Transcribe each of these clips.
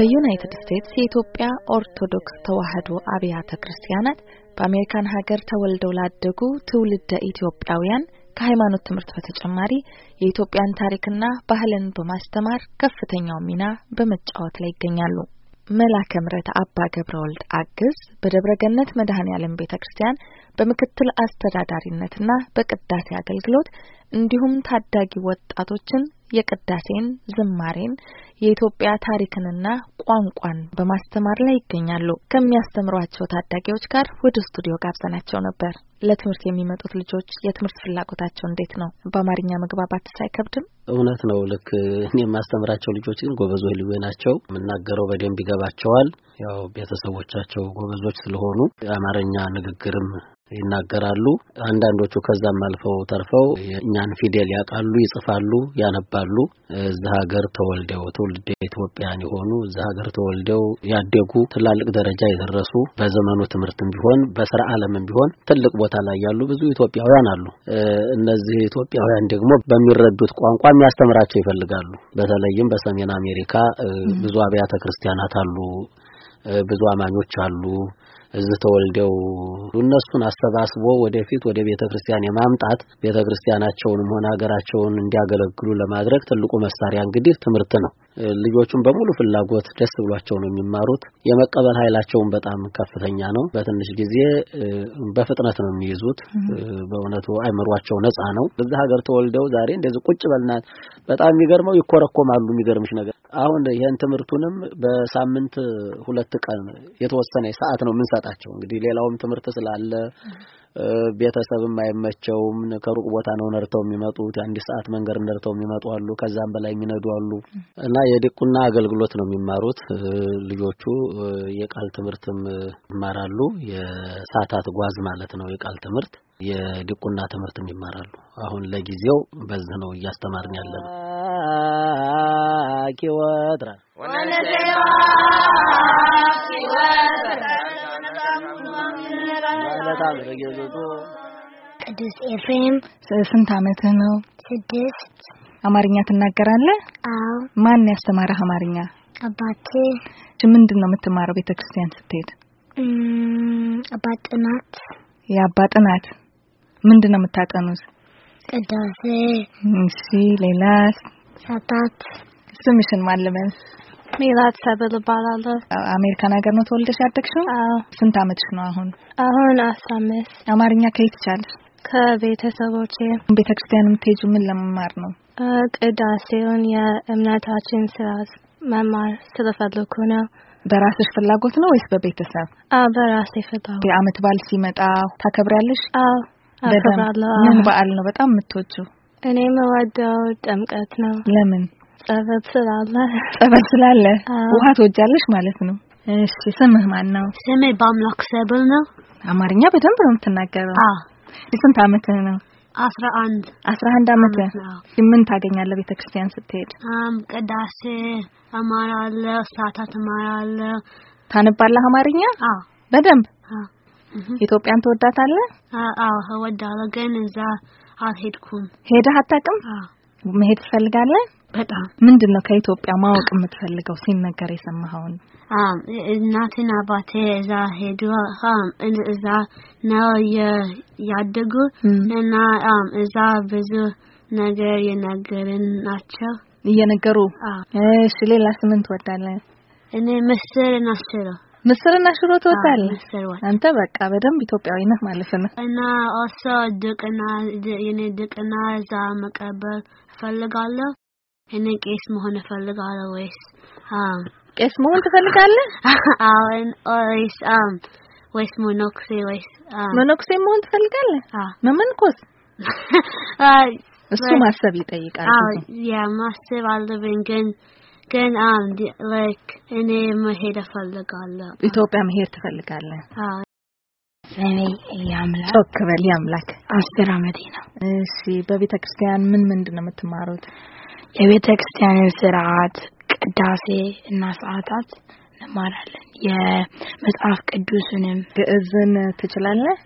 በዩናይትድ ስቴትስ የኢትዮጵያ ኦርቶዶክስ ተዋሕዶ አብያተ ክርስቲያናት በአሜሪካን ሀገር ተወልደው ላደጉ ትውልደ ኢትዮጵያውያን ከሃይማኖት ትምህርት በተጨማሪ የኢትዮጵያን ታሪክና ባህልን በማስተማር ከፍተኛው ሚና በመጫወት ላይ ይገኛሉ። መላከ ምረት አባ ገብረ ወልድ አግዝ በደብረገነት ገነት መድኃኔ ዓለም ቤተ ክርስቲያን በምክትል አስተዳዳሪነትና በቅዳሴ አገልግሎት እንዲሁም ታዳጊ ወጣቶችን የቅዳሴን፣ ዝማሬን፣ የኢትዮጵያ ታሪክንና ቋንቋን በማስተማር ላይ ይገኛሉ። ከሚያስተምሯቸው ታዳጊዎች ጋር ወደ ስቱዲዮ ጋብዘናቸው ነበር። ለትምህርት የሚመጡት ልጆች የትምህርት ፍላጎታቸው እንዴት ነው? በአማርኛ መግባባት ሳይከብድም እውነት ነው። ልክ እኔ የማስተምራቸው ልጆች ግን ጎበዞች ልዌ ናቸው። የምናገረው በደንብ ይገባቸዋል። ያው ቤተሰቦቻቸው ጎበዞች ስለሆኑ የአማርኛ ንግግርም ይናገራሉ። አንዳንዶቹ ከዛም አልፈው ተርፈው እኛን ፊደል ያውቃሉ፣ ይጽፋሉ፣ ያነባሉ። እዛ ሀገር ተወልደው ትውልደ ኢትዮጵያን የሆኑ እዛ ሀገር ተወልደው ያደጉ ትላልቅ ደረጃ የደረሱ በዘመኑ ትምህርትም ቢሆን በስራ ዓለምም ቢሆን ትልቅ ቦታ ላይ ያሉ ብዙ ኢትዮጵያውያን አሉ። እነዚህ ኢትዮጵያውያን ደግሞ በሚረዱት ቋንቋ የሚያስተምራቸው ይፈልጋሉ። በተለይም በሰሜን አሜሪካ ብዙ አብያተ ክርስቲያናት አሉ። ብዙ አማኞች አሉ እዚህ ተወልደው እነሱን አሰባስቦ ወደፊት ወደ ቤተ ክርስቲያን የማምጣት ቤተ ክርስቲያናቸውንም ሆነ ሀገራቸውን እንዲያገለግሉ ለማድረግ ትልቁ መሳሪያ እንግዲህ ትምህርት ነው። ልጆቹም በሙሉ ፍላጎት ደስ ብሏቸው ነው የሚማሩት። የመቀበል ኃይላቸውን በጣም ከፍተኛ ነው። በትንሽ ጊዜ በፍጥነት ነው የሚይዙት። በእውነቱ አይምሯቸው ነፃ ነው። በዛ ሀገር ተወልደው ዛሬ እንደዚህ ቁጭ በልና በጣም የሚገርመው ይኮረኮማሉ። የሚገርምሽ ነገር አሁን ይህን ትምህርቱንም በሳምንት ሁለት ቀን የተወሰነ ሰዓት ነው ምን አታጣቸው። እንግዲህ ሌላውም ትምህርት ስላለ ቤተሰብም አይመቸውም። ከሩቅ ቦታ ነው ነርተው የሚመጡት። የአንድ ሰዓት መንገድ ነርተው የሚመጡ አሉ፣ ከዛም በላይ የሚነዱ አሉ እና የዲቁና አገልግሎት ነው የሚማሩት ልጆቹ። የቃል ትምህርትም ይማራሉ። የሳታት ጓዝ ማለት ነው የቃል ትምህርት፣ የዲቁና ትምህርትም ይማራሉ። አሁን ለጊዜው በዚህ ነው እያስተማርን ያለ ነው። ቅዱስ ኤፍሬም ስንት አመት ነው? ስድስት አማርኛ ትናገራለህ? አዎ። ማን ያስተማረህ አማርኛ? አባቴ። ምንድን ነው የምትማረው ቤተ ክርስቲያን ስትሄድ? አባ ጥናት። የአባ ጥናት ምንድን ነው የምታጠኑት? ቅዳሴ። እሺ፣ ሌላስ? ሰዓታት። ስምሽን ማን ሚላት ሰብል እባላለሁ። አሜሪካን ሀገር ነው ተወልደሽ ያደግሽው? አዎ። ስንት አመትሽ ነው አሁን? አሁን አስራ አምስት አማርኛ ከየት ቻልሽ? ከቤተሰቦቼ። ቤተ ክርስቲያን ምን ለመማር ነው? ቅዳሴውን የእምነታችን ስርዓት መማር ስለፈለኩ ነው። በራስሽ ፍላጎት ነው ወይስ በቤተሰብ? አዎ በራሴ ፍላጎት። የአመት በዓል ሲመጣ ታከብሪያለሽ? አዎ አከብራለሁ። ምን በዓል ነው በጣም የምትወጂው? እኔ የምወደው ጥምቀት ነው። ለምን? ጸበት ስላለ ጸበት ስላለ ውሃ ትወጃለሽ ማለት ነው። እሺ ስምህ ማን ነው? ስሜ በአምላክ ሰብል ነው። አማርኛ በደንብ ነው የምትናገረው? አዎ። ስንት አመትህ ነው? አስራ አንድ አስራ አንድ አመትህ። ምን ታገኛለህ ቤተክርስቲያን ስትሄድ? ቅዳሴ እማራለሁ፣ ሰዓታት እማራለሁ። ታነባለህ አማርኛ? አዎ። በደንብ ኢትዮጵያን ትወዳታለህ? አዎ እወዳለሁ፣ ግን እዛ አልሄድኩም። ሄደህ አታውቅም? መሄድ ትፈልጋለህ? በጣም ምንድን ነው ከኢትዮጵያ ማወቅ የምትፈልገው ሲነገር የሰማኸውን? እናቴን አባቴ እዛ ሄዱ። እዛ ነው ያደጉ እና እዛ ብዙ ነገር የነገርን ናቸው እየነገሩ። እሺ ሌላ ስምን ትወዳለህ? እኔ ምስር እና ሽሮ ምስር እና ሽሮ ትወዳለህ? አንተ በቃ በደንብ ኢትዮጵያዊ ነህ ማለት ነው። እና ኦሶ ድቅና የኔ ድቅና እዛ መቀበል እፈልጋለሁ። እኔ ቄስ መሆን እፈልጋለሁ ወይስ ቄስ መሆን ትፈልጋለህ? አሁን ወይስ ወይስ መነኩሴ ወይስ መነኩሴ መሆን ትፈልጋለህ? መመንኮስ እሱ ማሰብ ይጠይቃል። ያ ማሰብ አለብኝ ግን ግን ላይክ እኔ መሄድ እፈልጋለሁ። ኢትዮጵያ መሄድ ትፈልጋለህ? ስሜ ያምላክ ጮክ በል ያምላክ። አስር አመቴ ነው። እሺ በቤተ ክርስቲያን ምን ምንድን ነው የምትማሩት? የቤተ ክርስቲያንን ስርዓት ቅዳሴ እና ሰዓታት እንማራለን። የመጽሐፍ ቅዱስንም ግዕዝን ትችላለህ?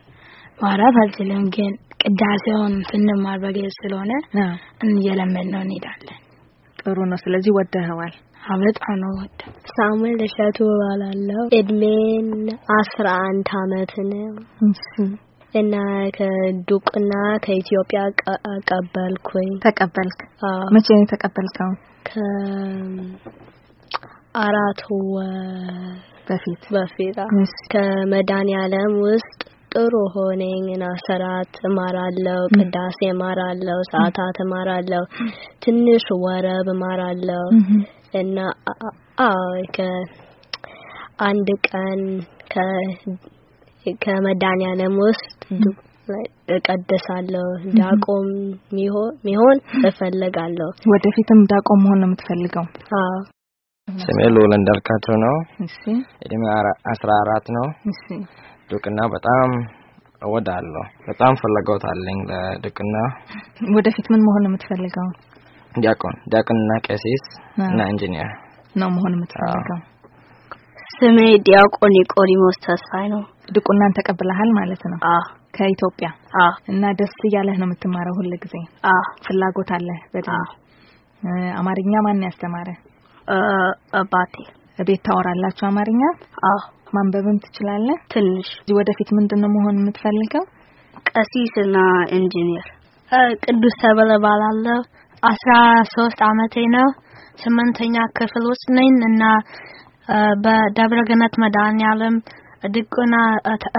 ማውራት አልችልም፣ ግን ቅዳሴውን ስንማር በግዕዝ ስለሆነ እየለመድነው እንሄዳለን። ጥሩ ነው። ስለዚህ ወደኸዋል። በጣም ነው ወደ ሳሙኤል እሸቱ እባላለሁ። እድሜን አስራ አንድ አመት ነው እና ከዱቅና ከኢትዮጵያ ቀበልኩኝ። ተቀበልክ? መቼ ነው የተቀበልከው? ከአራት ወር በፊት በፊት ከመድኃኒዓለም ውስጥ ጥሩ ሆነኝ እና ስርዓት እማራለሁ፣ ቅዳሴ እማራለሁ፣ ሰዓታት እማራለሁ፣ ትንሽ ወረብ እማራለሁ እና አንድ ቀን ከ ከመድኃኒዓለም ውስጥ እቀደሳለሁ ዳቆም ሚሆን እፈልጋለሁ። ወደፊትም ዳቆም መሆን ነው የምትፈልገው? አዎ። ስሜ ልዑል እንዳልካቸው ነው። እሺ። እድሜ አስራ አራት ነው። እሺ። ድቁና በጣም እወዳለሁ። በጣም ፍላጎት አለኝ ለድቁና። ወደፊት ምን መሆን ነው የምትፈልገው? ዲያቆን ዲያቆንና ቀሲስ እና ኢንጂነር ነው መሆን የምትፈልገው? ስሜ ዲያቆን ኒቆዲሞስ ተስፋዬ ነው። ድቁናን ተቀብለሃል ማለት ነው? አዎ። ከኢትዮጵያ? አዎ። እና ደስ እያለህ ነው የምትማረው ሁል ጊዜ? አዎ። ፍላጎት አለ በጣም? አማርኛ ማን ያስተማረ? አባቴ። ቤት ታወራላችሁ አማርኛ? አዎ። ማንበብም ትችላለህ? ትንሽ። ወደፊት ነው መሆን የምትፈልገው? እና ኢንጂነር። ቅዱስ ተበለ እባላለሁ። አስራ ሶስት አመቴ ነው። ስምንተኛ ክፍል ውስጥ ነኝ እና በደብረ ገነት መድኃኔዓለም ድቁና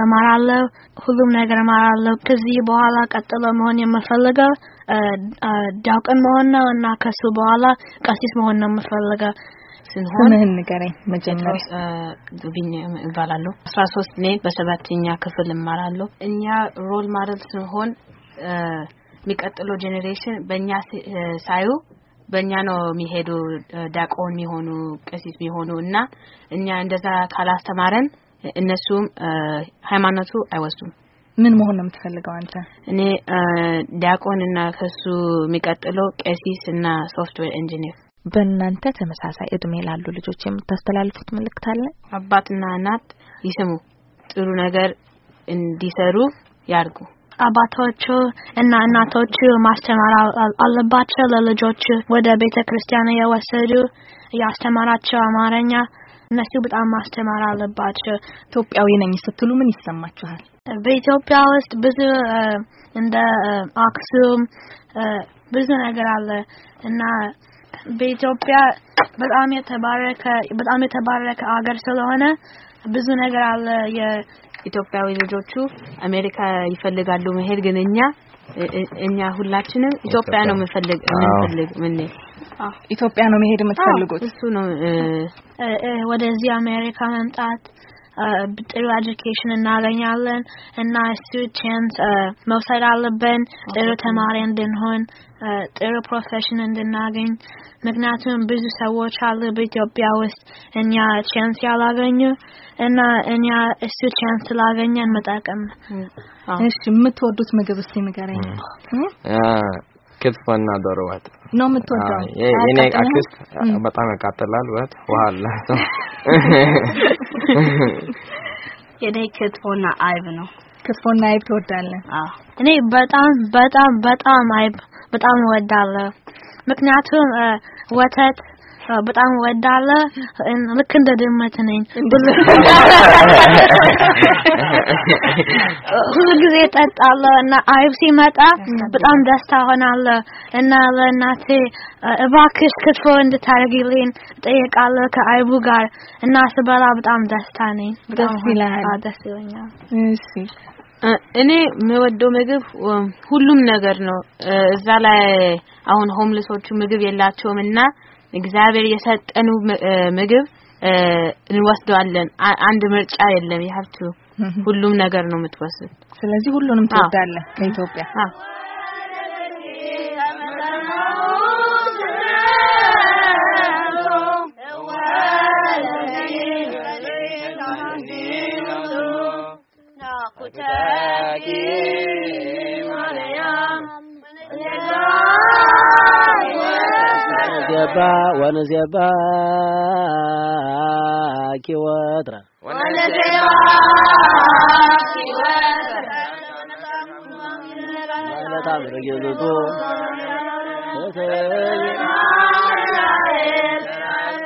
እማራለሁ። ሁሉም ነገር እማራለሁ። ከዚህ በኋላ ቀጥሎ መሆን የምፈልገው ዲያቆን መሆን ነው እና ከሱ በኋላ ቀሲስ መሆን ነው የምፈልገው። ስምህን ንገረኝ። መጀመሪያ ዱቢኝ እባላለሁ። አስራ ሶስት ነኝ። በሰባተኛ ክፍል እማራለሁ። እኛ ሮል ማደል ስንሆን የሚቀጥለው ጄኔሬሽን በእኛ ሳዩ በእኛ ነው የሚሄዱ ዲያቆን የሚሆኑ ቀሲስ የሚሆኑ እና እኛ እንደዛ ካላስተማረን እነሱም ሃይማኖቱ አይወስዱም። ምን መሆን ነው የምትፈልገው አንተ? እኔ ዲያቆን እና ከሱ የሚቀጥለው ቀሲስ እና ሶፍትዌር ኢንጂኒር። በእናንተ ተመሳሳይ እድሜ ላሉ ልጆች የምታስተላልፉት መልእክት አለ? አባትና እናት ይስሙ፣ ጥሩ ነገር እንዲሰሩ ያርጉ። አባቶቹ እና እናቶቹ ማስተማር አለባቸው። ለልጆቹ ወደ ቤተ ክርስቲያን የወሰዱ ያስተማራቸው አማርኛ እነሱ በጣም ማስተማር አለባቸው። ኢትዮጵያዊ ነኝ ስትሉ ምን ይሰማችኋል? በኢትዮጵያ ውስጥ ብዙ እንደ አክሱም ብዙ ነገር አለ እና በኢትዮጵያ በጣም የተባረከ በጣም የተባረከ አገር ስለሆነ ብዙ ነገር አለ ኢትዮጵያዊ ልጆቹ አሜሪካ ይፈልጋሉ መሄድ፣ ግን እኛ እኛ ሁላችንም ኢትዮጵያ ነው መፈልግ የምንፈልግ ምን ኢትዮጵያ ነው መሄድ የምትፈልጉት እሱ ነው ወደዚህ አሜሪካ መምጣት ጥሩ ኤጁኬሽን እናገኛለን እና እሱ ቻንስ uh, መውሰድ አለብን። ጥሩ ተማሪ እንድንሆን፣ uh, ጥሩ ፕሮፌሽን እንድናገኝ ምክንያቱም ብዙ ሰዎች አሉ በኢትዮጵያ ውስጥ እኛ ቻንስ ያላገኙ እና እኛ እሱ ቻንስ ስላገኘን መጠቀም። እሺ የምትወዱት ምግብ እስቲ ንገረኝ። ክትፎና ዶሮ ወጥ ነው የምትወደው? የኔ አክስት በጣም ያቃጥላል። ወጥ ውሃ አለ የኔ ክትፎና አይብ ነው። ክትፎና አይብ ትወዳለህ? አዎ እኔ በጣም በጣም በጣም አይብ በጣም እወዳለሁ። ምክንያቱም ወተት በጣም ወዳለ ልክ እንደ ድመት ነኝ። ሁሉ ጊዜ እጠጣለሁ እና አይብ ሲመጣ በጣም ደስታ ሆናለሁ እና ለእናቴ እባክሽ ክትፎ እንድታደርጊልኝ ጠየቃለ ከአይቡ ጋር እና ስበላ በጣም ደስታ ነኝ። ደስ ይላል። ደስ ይለኛል። እሺ እኔ የምወደው ምግብ ሁሉም ነገር ነው። እዛ ላይ አሁን ሆምልሶቹ ምግብ የላቸውም እና እግዚአብሔር የሰጠን ምግብ እንወስደዋለን። አንድ ምርጫ የለም። የሀብቱ ሁሉም ነገር ነው የምትወስድ። ስለዚህ ሁሉንም ትወዳለህ ከኢትዮጵያ Yeah. ونسيبا ونسيباك وترى ونسيباك وترى